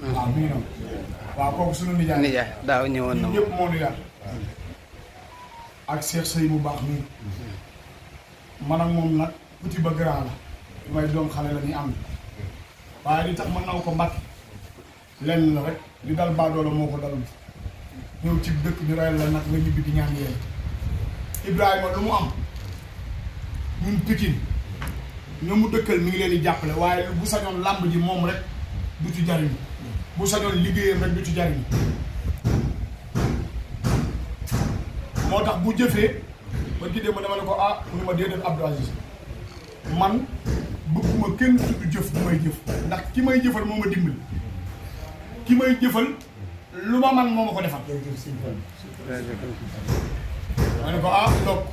waaw mi ngi noonu. waaw kooku sunu nijaay. nijaay daaw ñëwoon na moom ñëpp moo di ak Cheikh Sey bu baax nii. man ak moom nag petit ba grand la. li may la li tax ma naw ko Mbàkke. ci dëkk ñu rey la nag nga ñibbi di ñaan yéen. Ibrahima mu am. ñun Pikine. ñoo dëkkal mi ngi leen jàppale waaye bu sañoon làmb ji moom rek. du ci jariñu bu sañoon liggéeyam rek du ci jariñu moo tax bu jëfee ba ci ma dama ne ko ah mu ne ma déedéet Aziz man bëgguma kenn tudd jëf bu may jëf ndax ki may jëfal moo ma dimbali ki may jëfal lu ma man moo ma ko defal ma ko ah ndokk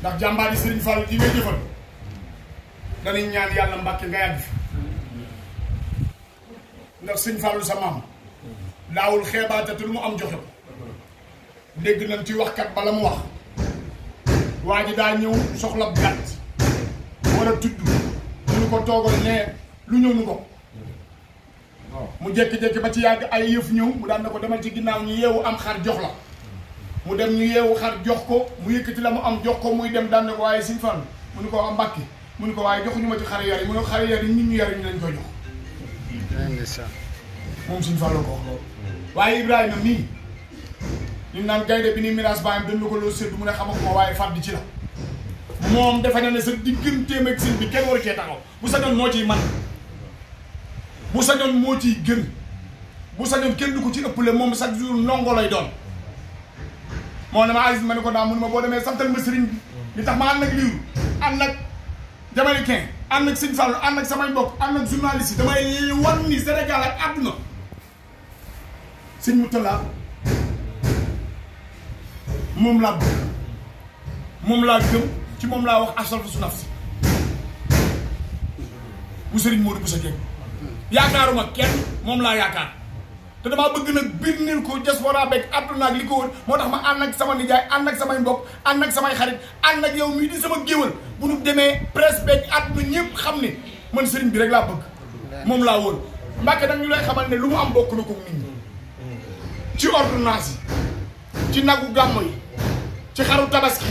ndax jàmbaar yi Serigne Fall yi ngay jëfal danañ ñaan yàlla Mbàkke nga yàgg ndax sëñ Fallou sa maam laawul xeebaate te lu mu am joxe ko dégg nañ ci waxkat bala mu wax waa ji daa ñëw soxla gàtt war a tudd ñu ko toogal ne lu ñëw nu ko mu jékki jekki ba ci yàgg ay yëf ñëw mu daan na ko demal ci ginnaaw ñu yeewu am xar jox la mu dem ñu yeewu xar jox ko mu yëkkati la mu am jox ko muy dem daan na ko waaye sëñ Fallou mu nu ko am mbàkki mu nu ko waaye joxuñu ma ci xar yar yi mu ne xar yar yi ñun ñu yar ñu ko jox moom suñu fàlloo ko wax loolu waaye Ibrahima mii ñu naan gaynde bi ni miraas baayam dañ la ko loo séddu mu ne xamakuma waaye fàdd ci la moom defe na ne sa digganteem ak sëñ bi kenn war cee taxaw bu sañoon moo ciy man bu sañoon moo ciy gën bu sañoon kenn du ko ci ëppale moom chaque jour ndongo lay doon moo ne ma Aziz ma ne ko daa mun ma boo demee santal ma sëriñ bi li tax ma ànd ak liiru ànd ak jamaïcain ànd ak sëñ Fallou am ak samay mbokk ànd ak journaliste yi damay wan ni Sénégal ak àdduna sëñ Moutalla moom laa bëgg moom laa gëm ci moom laa wax asal su naf si bu sëriñ Modou bu sa Dieng yaakaaruma kenn moom laa yaakaar te damaa bëgg nag biir nil ko diaspora beeg àdduna ak li ko wër moo tax ma ànd ak sama nijaay ànd ak samay mbokk ànd ak samay xarit ànd ak yow mii di sama géwal bu nu demee presse beeg àdduna ñëpp xam ne man sëriñ bi rek laa bëgg moom laa wër Mbàkke nag ñu lay xamal ne lu mu am bokk na ko nit ñi ci ordonnance yi ci nagu gàmm yi ci xaru tabaski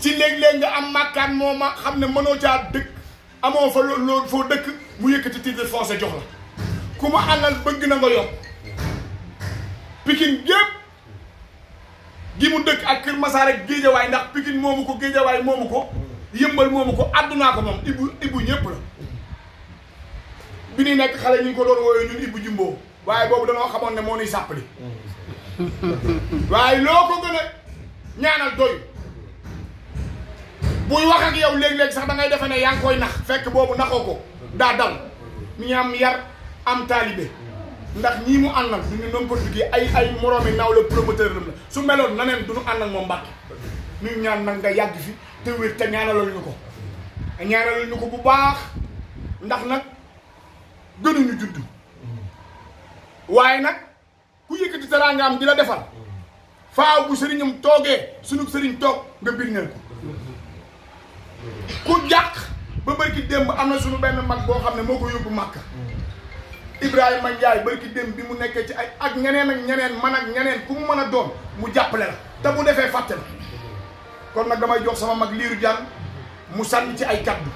ci léeg-léeg nga am màkkaan moo ma xam ne mënoo caa dëkk amoo fa loolu foo dëkk mu yëkkati titre foncé jox la ku ma àndal bëgg na nga yokk Pikine gépp gi mu dëkk ak Kër Masaar ak Géejawaay ndax Pikine moomu ko Géejawaay moomu ko yëmbal moomu ko àddunaa ko moom ibu ibu ñëpp la bi ñuy nekk xale ñu ko doon woowee ñun ibu jumboo waaye boobu danoo xamoon ne moo nuy sàppali waaye loo ko gën a ñaanal doy buy wax ak yow léeg-léeg sax da ngay defe ne yaa nax fekk boobu naxoo ko daa dal mi am yar am taalibe ndax ñii mu àndal ñu ngi n'importe qui ay ay moroomi naw la promoteur lam la su meloon na neen du ñu ànd ak moom Mbàkke ñaan nag nga yàgg fi te wér te ñaanalal ñu ko ñaanalal ñu ko bu baax ndax nag gënuñu judd waaye nag ku yëkkati teraanga am di la defal faaw bu sëriñam toogee sunu sëriñ toog nga birneel ko ku jàq ba bërki démb am na sunu benn mag boo xam ne moo ko yóbbu Màkka ma Ndiaye barki dem bi mu nekkee ci ak ñeneen ak ñeneen man ak ñeneen ku mu mën a doon mu jàpp la te bu defee fàtte la kon nag damay jox sama mag liiru jaan mu sànni ci ay kàddu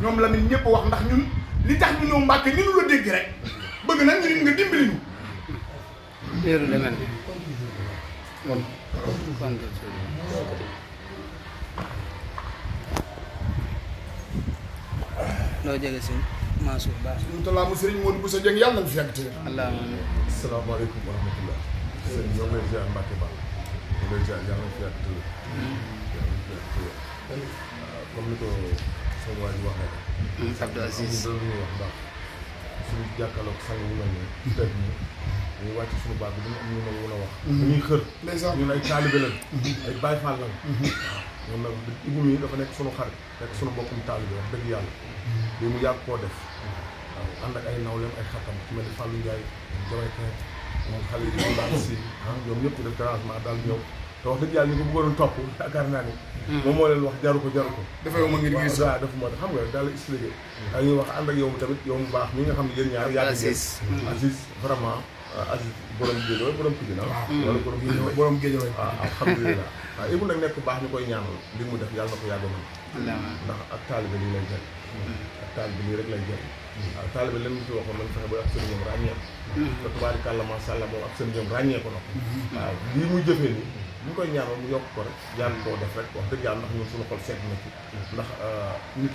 ñoom la nit ñëpp wax ndax ñun li tax ñu ñëw Mbàkke ñu nu la dégg rek bëgg na ñu nga dimbali ñu. liiru demee na loo jege si. Mansour Ba. ñun talaa mu Serigne Modou Bousso Dieng yàlla na fi yàgg tey. Ba. ñoo ah, ni ko sama waa ji waxee rek. Mm-hmm. Abdou Aziz am na wax mel nii. tey wàcc suñu baat bi dañu am lu ma mën a wax. Mm-hmm. dañuy xër. ñun ay taalibe lañ. Mm-hmm. ay Baye Fall lañ. waaw ah, ñun nag dafa nekk suñu xarit. nekk suñu mbokkum taalibe wax dëgg yàlla bi mu yàgg koo def waaw ànd ak ay nawleem ay xatam ku mel ni Fallou Ndiaye jawayka moom xale yi ñoom daal si ah ñoom ñëpp def dérangement daal ñëw te wax dëgg yàlla ñu ko bëggoon naa ni moom moo leen wax jaru ko ko dafay ma ngir gis waaw dafa ma xam nga ñuy wax ànd yow mu tamit yow mu baax mi xam ne yéen ñaar yàgg Aziz vraiment ah, Aziz borom géejoo borom pigi na ah. wala borom borom géejoo waaw ah, alhamdulilah waaw ibu nag nekk baax ñu koy ñaanal li mu def yàlla ko yàgg man ndax ak taalibe li lay jël ak taal bi nii rek lay jël waaw hmm. taal bi leen ci waxoon nañ fexe ba ak seen ñoom ràññee ko hmm. tubaari kàlla macha allah moom ak seen ñoom ràññee ko na hmm. koy ñaanal mu yokk ko rek yàlla koo dëgg yàlla ndax ñun suñu xol seet na ci ndax euh, nit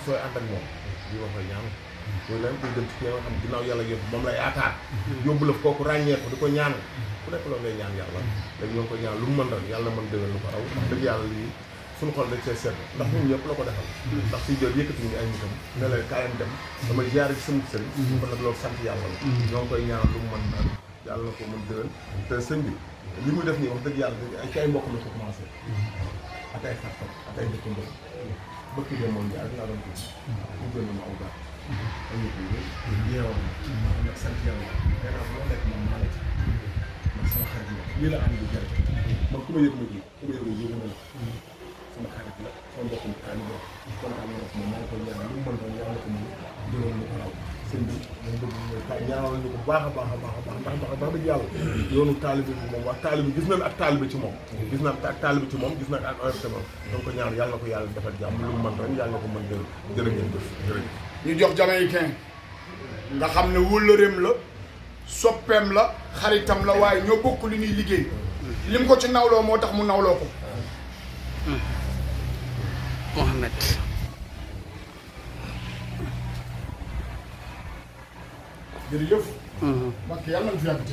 moom la yaakaar yóbbu la kooku ràññee ko di ko ñaanal ku nekk loo ngay ñaan yàlla léegi ñoo koy ñaan lu mu mën ren yàlla mën déwén lu ko raw wax dëgg yàlla lii suñu xool dañ see sedd mm-hmm. ndax ñun ñëpp la ko defal mm-hmm. ndax suy jot yëkkati ñu ay nitam ne leen kaayam dem mm-hmm. dama jaar ci sama sëriñ kon nag la ñoo ngi koy ñaanal lu mu mën daal yàlla na ko mën déwén te sëñ bi li muy def nii wax dëgg yàlla ci ay mbokk de moom jaar laa doon ko ñu gën ma aw gaar añu ko yeewoon ku ma yëg ma ji ku ma yëg ma ji ma sama lu mu mën ko mu jëloon ñu ko raw sëñ bi dañ bëgg ñaanal ko baax a baax a a baax ndax ndax ndax dëgg yàlla yoonu taalibe bi moom wax gis nañ ak taalibe ci moom gis nañ ak taalibe ci moom gis nañ ak oyof ko ñaan yàlla ko yàlla defal jàmm lu mu mën doon na ko mën jël jërë ngeen jëf jërëjëf ñu jox jamaïcain nga xam ne wóllëreem la la xaritam la waaye ñoo bokk li ñuy liggéey ko ci nawloo moo tax mu nawloo ko kilomètres jërëjëf mhm. mbokk yàlla na fi yàgg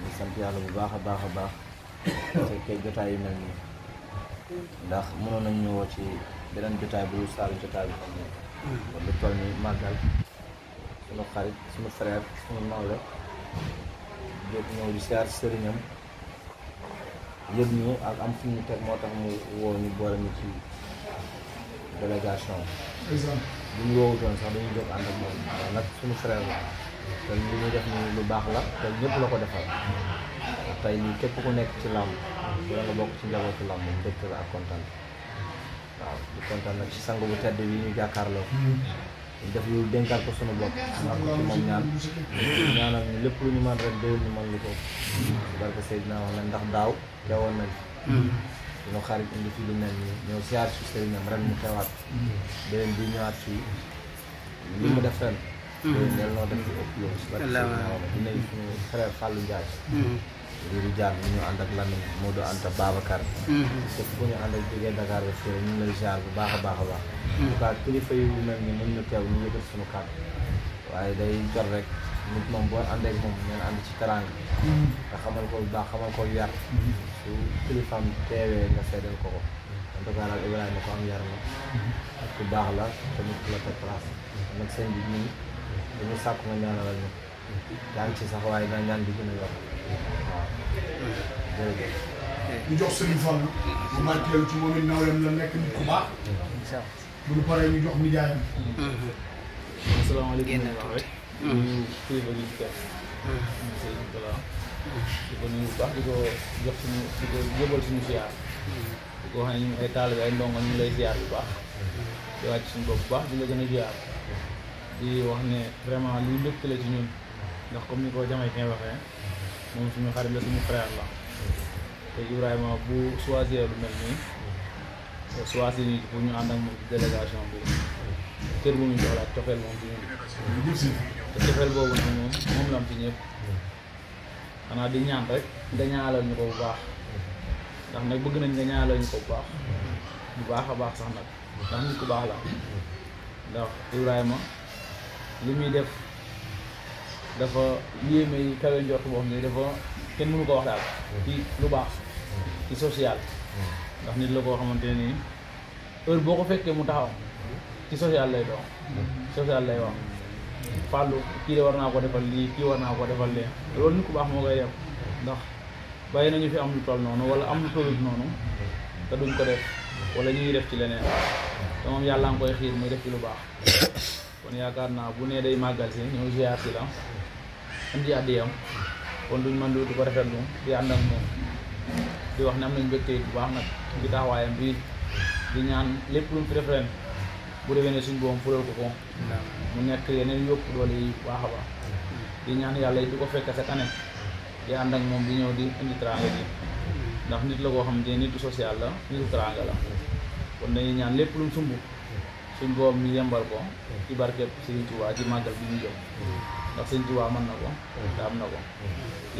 mi sant yàlla bu baax a baax a baax fekkee jotaay yu mel nii ndax mënoon nañ ñëwoo ci beneen jotaay bu saalu jotaay bi xam ne mhm. kon lu toll nii màggal sunu xarit sunu frère sunu nawle jóg ñëw di siyaar sëriñam yëg ñu ak am fi ñu teg moo tax mu woo ñu boole ñu ci délégation bi. bu ñu woowutoon sax dañu jóg ànd ak moom waaw nag suñu frère la te li ñu def nii lu baax la te ñëpp la ko defal tey lii képp ku nekk ci làmb wala nga bokk ci ci làmb mbégte la ak kontaan waaw di kontaan nag ci sang bu tedd bi ñu jàkkaarloo. Hmm. def lu dénkaat ko sunu bopp xanaa ko ci moom ñaan lépp lu ñu mën rek déwén ñu mën lu ko barke Seydina wax na ndax daaw teewoon nañ suñu xarit indi fi lu mel ni ñëw siyaar si sëriñam ren mu teewaat déwén bi ñëwaat fii li mu def ren mm. déwén del noo def ci ëpp loolu barke Seydina wax na Doudou Diagne ñu ñu ànd ak Lamine Modou Anta Babacar. te mm-hmm. fu ñu ànd ak jógee Dakar ba fii ñu ngi lay ziar bu baax a baax a baax. Mm-hmm. en tout cas kilifa yu mel ni mën na teew ñu yëgal waaye day jot rek nit moom boo ànd ak moom ngeen ànd ci teraanga. Mm-hmm. nga xamal ko bu baax xamal ko yar. su kilifaam teewee nga seedeel ko ko. en tout cas daal Ibrahima ko am yar la. ak ku baax la tamit ku la teg place. nag sëñ bi ñun dañu sàkk nga ñaanalal ñu. yaa ngi ci sax waaye naa ñaan di gën a yor. ñu jox Serigne Fallou. mu màcceel ci moom it nawleem la nekk nit ku baax. bu ñu paree ñu jox nijaayam. asalaamaaleykum. génn tuuti. ñu ngi kilifa gi ci kër. Serigne Fallou. di ko nuyu bu baax di ko jox suñu di ko yóbbal suñu ziar. di ko wax ne ñu ay ay ndongo ñu lay ziar bu baax. di wàcc suñu bopp bu baax di la gën a ziar. di wax ne vraiment luy lëkkale ci ñun ndax comme ni ko Jamaye Keng waxee. moom suñu xarit la suñu frère la te Ibrahima bu choisir lu mel nii choisir yi bu ñu ànd ak moom délégation bi cër bu ñu jox la cofeel moom ci ñun moom moom ñëpp xanaa di ñaan rek nga ñaanal ñu ko bu baax ndax nag bëgg nañ nga ñaanal ñu ko bu baax bu baax a baax sax nag ndax nit ku baax la ndax Ibrahima li muy def dafa yéeme yi kawe njort boo xam ne dafa kenn mënu ko wax daal ci lu baax ci social ndax nit la koo xamante ne nii heure boo ko fekkee mu taxaw ci social lay doon social lay wax fàllu kii de war naa ko defal lii kii war naa ko defal lee loolu nit ku baax moo koy def ndax bàyyi nañu fi am lu toll noonu wala am lu tollut noonu te duñ ko def wala ñuy def ci leneen te moom yàlla nga koy xiir muy def ci lu baax kon yaakaar naa bu nee day màggal si ñëw ziar si la indi àddiyam kon duñ mën di ko rafetlu di ànd ak moom di wax ne am nañ mbégte bu baax nag ngi taxawaayam bi di ñaan lépp lu mu fi def ren bu déwénee suñ boom fulal ko ko mu nekk yeneen yokk doolu yi baax di ñaan yàlla du ko fekk cette année di ànd ak moom di ñëw di indi teraanga ji ndax nit la koo xam ne nitu social la nitu teraanga la kon dañuy ñaan lépp lu mu sumb suñ boobu ñu yembal ko mm. ci barkeb Sëriñ Tuubaa ci màggal bi ñu jëm mm. ndax Sëriñ Tuubaa mën na ko mm. te am na ko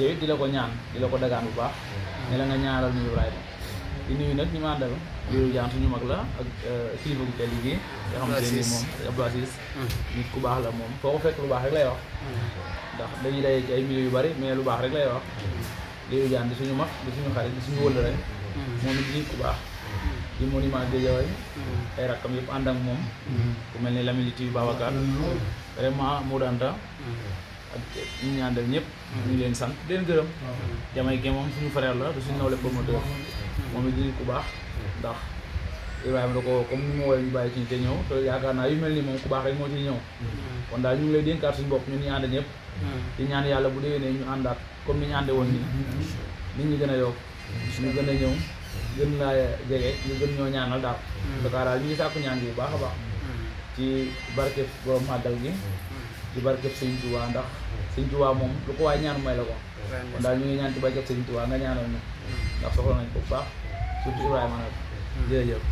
yow di la ko ñaan di la ko dagaan bu baax ne la nga ñaaral ñu Ibrahima di nuyu nag ñu ma àndal yooyu jaan suñu mag la ak euh, kilifa gu teel gi nga xam ne ni moom Abdou Aziz nit ku baax la moom foo ko fekk lu baax rek lay wax ndax dañuy daje ci ay milieu yu bari mais lu baax rek lay wax yooyu di suñu mag di suñu xarit di suñu wëllëre moom it nit ku baax ci monument Guédiawaye hmm. ay rakkam yëpp ànd ak moom hmm. ku mel ni Lamine Litiyu Babacar hmm. vraiment Modou Anta ak ñu àndal ñëpp ñu leen sant leen gërëm jamay ge moom suñu frère la du suñu nawle promoteur moom it nit ku baax ndax Ibrahima da ko comme ni ma woowee ñu bàyyi ñëw te yu mel ni moom ku baax rek moo ciy ñëw kon daal ñu ngi lay dénkaat suñu bopp ñu ñu ànd ñëpp di ñaan yàlla bu dee déwénee ñu àndaat comme ni ñu woon nii nit ñi gën a yokk suñu gën a ñëw gën naa jege ñu gën ñoo ñaanal daal Dakar mm. daal ñu ngi sàkku ñaan gi baax a baax mm. ci barkeb borom màggal gi mm. ci barkeb sëñ Tuubaa ndax sëñ Tuubaa moom lu ko waay ñaan may la ko kon daal ñu ngi ñaan ci barkeb sëñ Tuubaa nga ñaanal ñu ndax soxla nañ ko bu baax surtout Ibrahima nag jërëjëf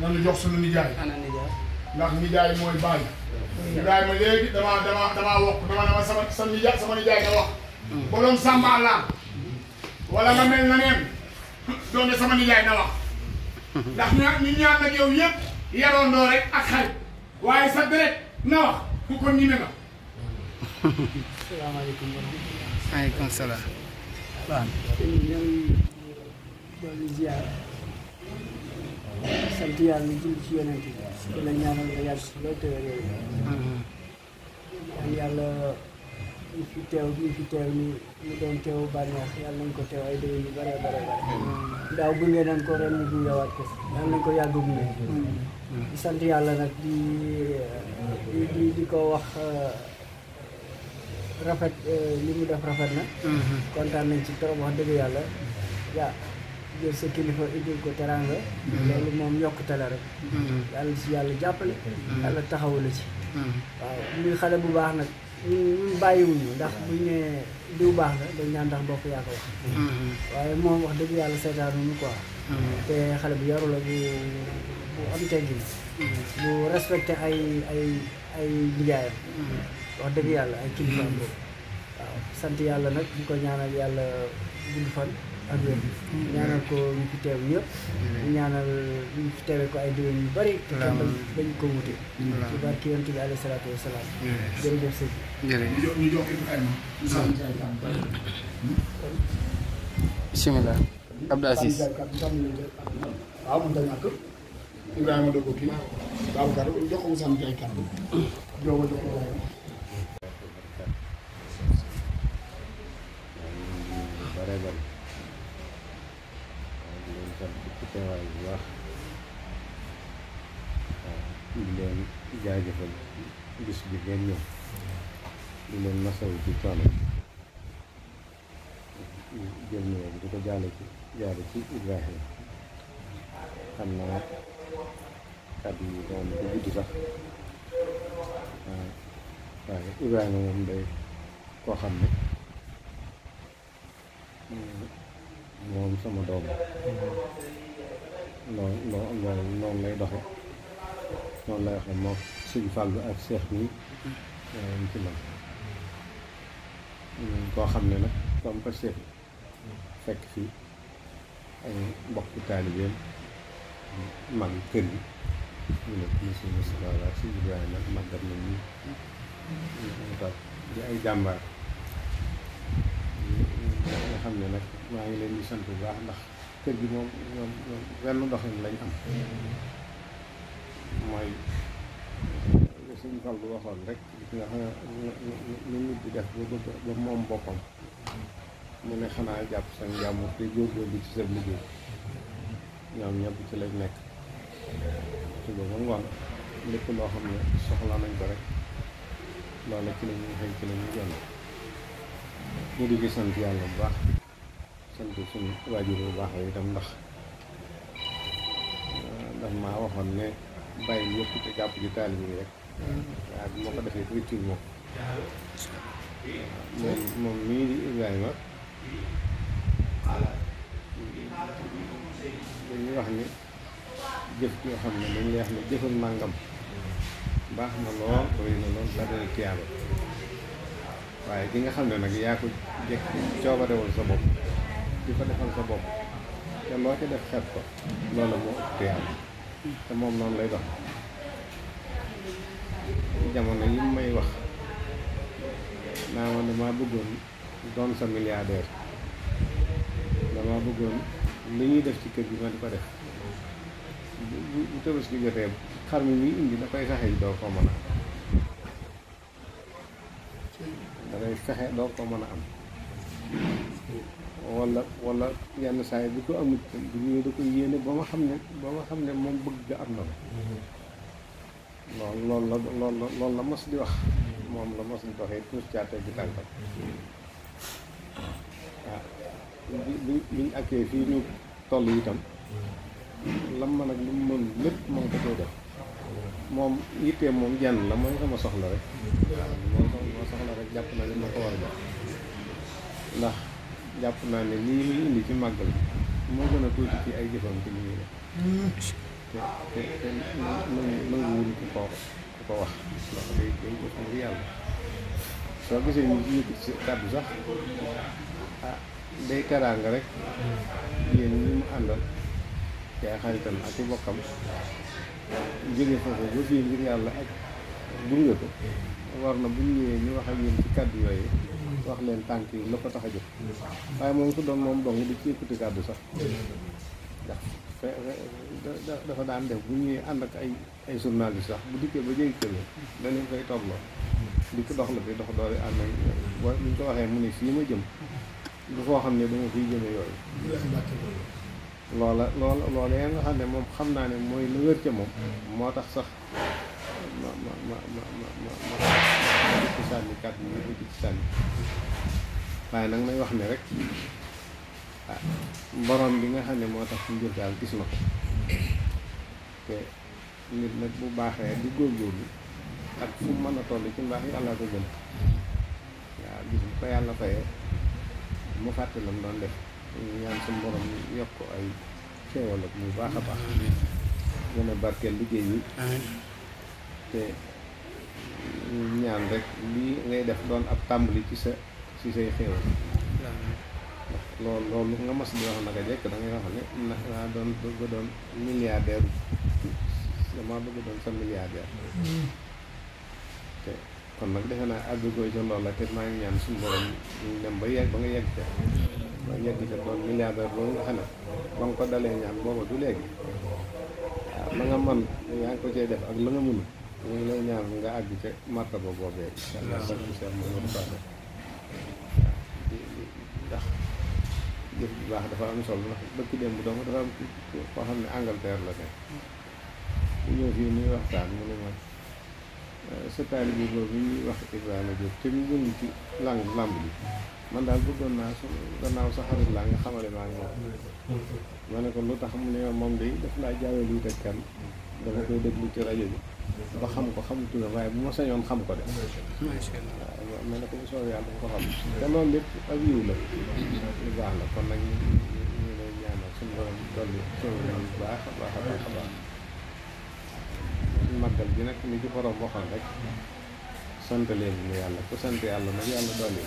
nan la jox suñu nijaay ndax nijaay mooy baay Ibrahima léegi damaa damaa damaa wokk dama dama sama sama nijaay nga wax borom sàmba laam wala nga mel na neen doon ne sama nijaay na wax ndax ña ñu ñaan ak yow yëpp yaroondoo rek ak xarit waaye sa deret na wax ku ko ñime nga. salaamaaleykum wa rahmatulah. maaleykum salaam. waaw. doolu ziar sant yàlla ñu jël ci yonent bi. dina ñaanal nga yàgg loolu tëwër yooyu. Mm-hmm. yàlla. ñu fi teew ñu fi teew ñu ñu doon teew bànneex yàlla nañ ko teew ay déwén yu bare bare bare daaw gunge nañ ko ren ñu gungewaat ko yàlla nañ ko yàgg gunge di sant yàlla nag di di di ko wax euh, rafet euh, li mu def rafet na kontaan nañ ci trop wax dëgg yàlla jël sa kilifa indil ko teraanga loolu moom rek yàlla si yàlla jàppale yàlla taxawu la waaw muy xale bu baax nag ñun bàyyiwuñu ndax buñ ne diw baax na dañ naan ndax mbokk yaa ko wax waaye moom wax dëgg yàlla seetaanuñu quoi te xale bi yaru la bu bu am teggin bu respecté ay ay ay nijaayam wax dëgg yàlla ay kilifaam waaw sant yàlla nag ñu ko ñaanal yàlla gudd ak wér ñaanal ko ñu fi teew yëpp fi teewee ko ay déwén yu bari te tam bañ ko wute ci barki yonent bi alayhi salaatu wa salaam jërëjëf sëñ bi ñu jox teewaay bu baax waaw di leen jaajëfal bis bi ngeen ñëw di leen masawu ci coono jël nuyoo bi di ko jaale ci jaale ci Ibrahima xam naa kàddu yi moom du gudd sax waaw waaye Ibrahima moom day koo xam ne moom sama doom noonu noonu noonu lay doxo noonu lay waxee moo suñu fàllu ak seex nii euh, ñu ci man koo xam ne nag comme ko seet fekk fii ay mbokki taalibeem mag kër yi ñu ne monsieur Moustapha Sy ak suñu Ibrahima màggat nañ ñu ñu toog di ay jàmbaar nga xam ne nag maa ngi leen di sant bu baax ndax kër gi moom ñoom ñoom lañ am mooy suñu rek nga xam ne nit di def ba ba moom boppam mu ne xanaa jàpp sa njàmbur te góorgóorlu ci sa liggéey ñoom ñëpp ci lañ nekk ci boobu ngoon lépp loo xam ne soxla nañ ko rek loola ci la ñuy ci la ñuy génn ñu di sant yàlla bu baax sant suñu waajur bu baax tam itam ndax ndax ah, maa waxoon ne bàyyi ñëpp te jàpp ci taalib yi rek waaw bi ma ko defee wéccuñ moom ah, moom moom mii di Ibrahima dañuy wax ni jëf yoo xam ne dañ lay wax ne jëfal màngam baax na lool bëri na lool la dana tiyaaba waaye ki nga xam ne nag yaa ko jekk coobare sa bopp loo ci def xet ko loolu moo ëppee am te moom noonu lay dox jamono yi may wax naa ma damaa bëggoon doon sa milliardaire damaa bëggoon li ñuy def ci kër gi ma di ko def bu bu bu tëbës gi jotee xar mi muy indi da koy doo ko mën a am da koy fexe doo ko mën a am. wala wala yenn saa yi bu ko amul bu ñëwee da koy yéene ba nga xam ne ba nga xam ne moom bëgg ga am na la loolu la loolu la loolu la mos di wax moom la mos di doxee tuus caate fii ñu itam lam man ak lu mu mën lépp moom ko koy def moom yittee moom jenn la mooy sama soxla rek waaw moo soxla rek jàpp na li ma ko war a jox ndax jàpp naa ne lii muy indi ci màggal moo gën a tuuti ci ay jëfam ci li ñuy def te te te nanguwul ku ko ku ko wax ndax day dañ ko ngir yàlla soo gisee ñu yëkkati si kàddu sax ah day teraanga rek yéen ñi mu àndal te ay xaritam ak i bokkam jóge foofu ba fii ngir yàlla ak gunge ko war na bu ñu ñëwee ñu wax ak yéen ci kàddu yooyu wax leen tànk yi la ko tax a jóg waaye moom ku doon moom dong di ci écouté kàddu sax dafa daan def bu ñuy ànd ak ay ay journaliste sax bu dikkee ba jéggi kër dañu koy toogloo di ko dox la bi dox doole ànd ak boo ñu ko waxee mu ne fii ma jëm du foo xam ne dama fiy jëme yooyu loola loola yaa nga xam ne moom xam naa ne mooy la wér ca moom moo tax sax ma ma ma ma ma ci sànni kàddu yi ñu ci sànni waaye nag may wax ne rek ah bi nga xam ne moo tax mbir daal gis na ko te nit nag bu baaxee di góorgóorlu ak fu mu mën a toll ci mbaax yàlla ko gën waaw gis bu ko yàlla fayee mu fàtte lam doon def ñaan suñu borom yokk ay xéewal ak bu baax a baax gën a liggéey yi te ñaan rek lii ngay def doon ab tàmbali ci sa ci say xéewal ndax loolu loolu nga mas di wax naka jekk da wax ne na naa doon bëgg doon milliardaire doon sa milliardaire te kon nag defe naa la te maa ngi ñaan suñu borom ñu dem ba yegg ba nga yegg ca ba yegg ca doon milliardaire loolu nga xam ne ba nga ko dalee ñaan booba du léegi waaw la man yaa ngi ko cee def ak la nga mënu ñu ngi lay ñaan nga àgg ca martaba boobee incha allah sant Cheikh Mouhamadou Fadel bu baax dafa am solo ndax dëkk démb dong dafa koo xam ne Angleterre la ne bu ñëw fii nuy waxtaan mu ne ma sa taalibe boobu ñuy wax Ibrahima Diop te mu gën ci làng làmb bi man daal bëggoon naa su gannaaw sa xarit laa nga xamale maa ngi moom lu tax moom de daf laa jaawee luy teg dama koy déglu ci rajo bi ba xam ko xam turam waaye bu ma sañoon xam ko de waaw ma ne ko bu soobee yàlla bu ko xam te loolu lépp ak yiw la lu baax la kon nag ñu lay ñaanal suñu borom dolli suñu bu baax a baax a baax a baax màggal bi nag li ci borom waxoon rek sant leen ñu yàlla ku sant yàlla nag yàlla dolli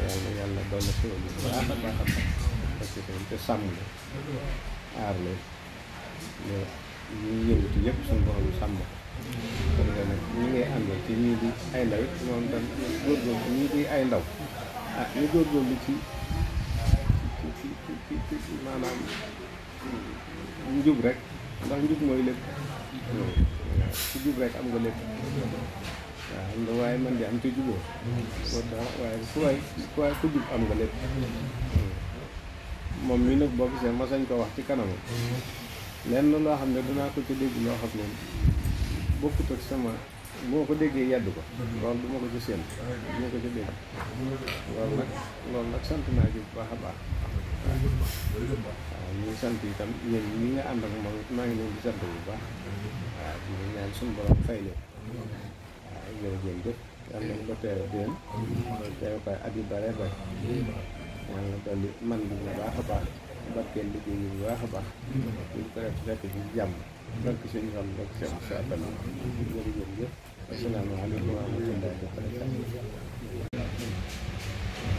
yàlla yàlla dolli suñu bu baax a baax a baax te sàmm la aar leen ñuy yëngatu yëpp suñu borom sàmm kon nga nag ñi ngay àndal ci ñii di ay ndaw it tam góorgóorlu ñii di ay ndaw ah ñu góorgóorlu ci ci ci ci maanaam njub rek ndax njub mooy lépp jub rek am nga lépp waaw waaye man di am te juboo moo tax waaye ku waay ku jub am nga lépp moom mi nag boo gisee ma sañ ko wax ci kanam lenn loo xam ne dunaa ko ci dégg loo xam ne bokkut ak sama moo ko déggee yedd ko lool du ko ci seen du ma ko ci dégg loolu nag loolu nag sant naa ci bu baax a baax waaw sant itam yéen ñi nga ànd ak moom maa ngi leen di sant bu baax waaw ñu ngi ñaan suñu borom fay leen waaw jërëjëf jëf yal nañ ko teew déen teew koy at yu bare bare yal na dolli man bi bu baax a baax barkeel liggéey yi bu a baax. ñu ko def fekk ci jàmm. barke suñu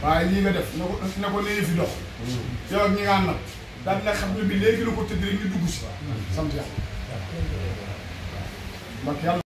waaye lii nga def na ko na dox. yow ak ñi nga àndal daan na xam bi léegi la ko tëdd rek ñu dugg si. sant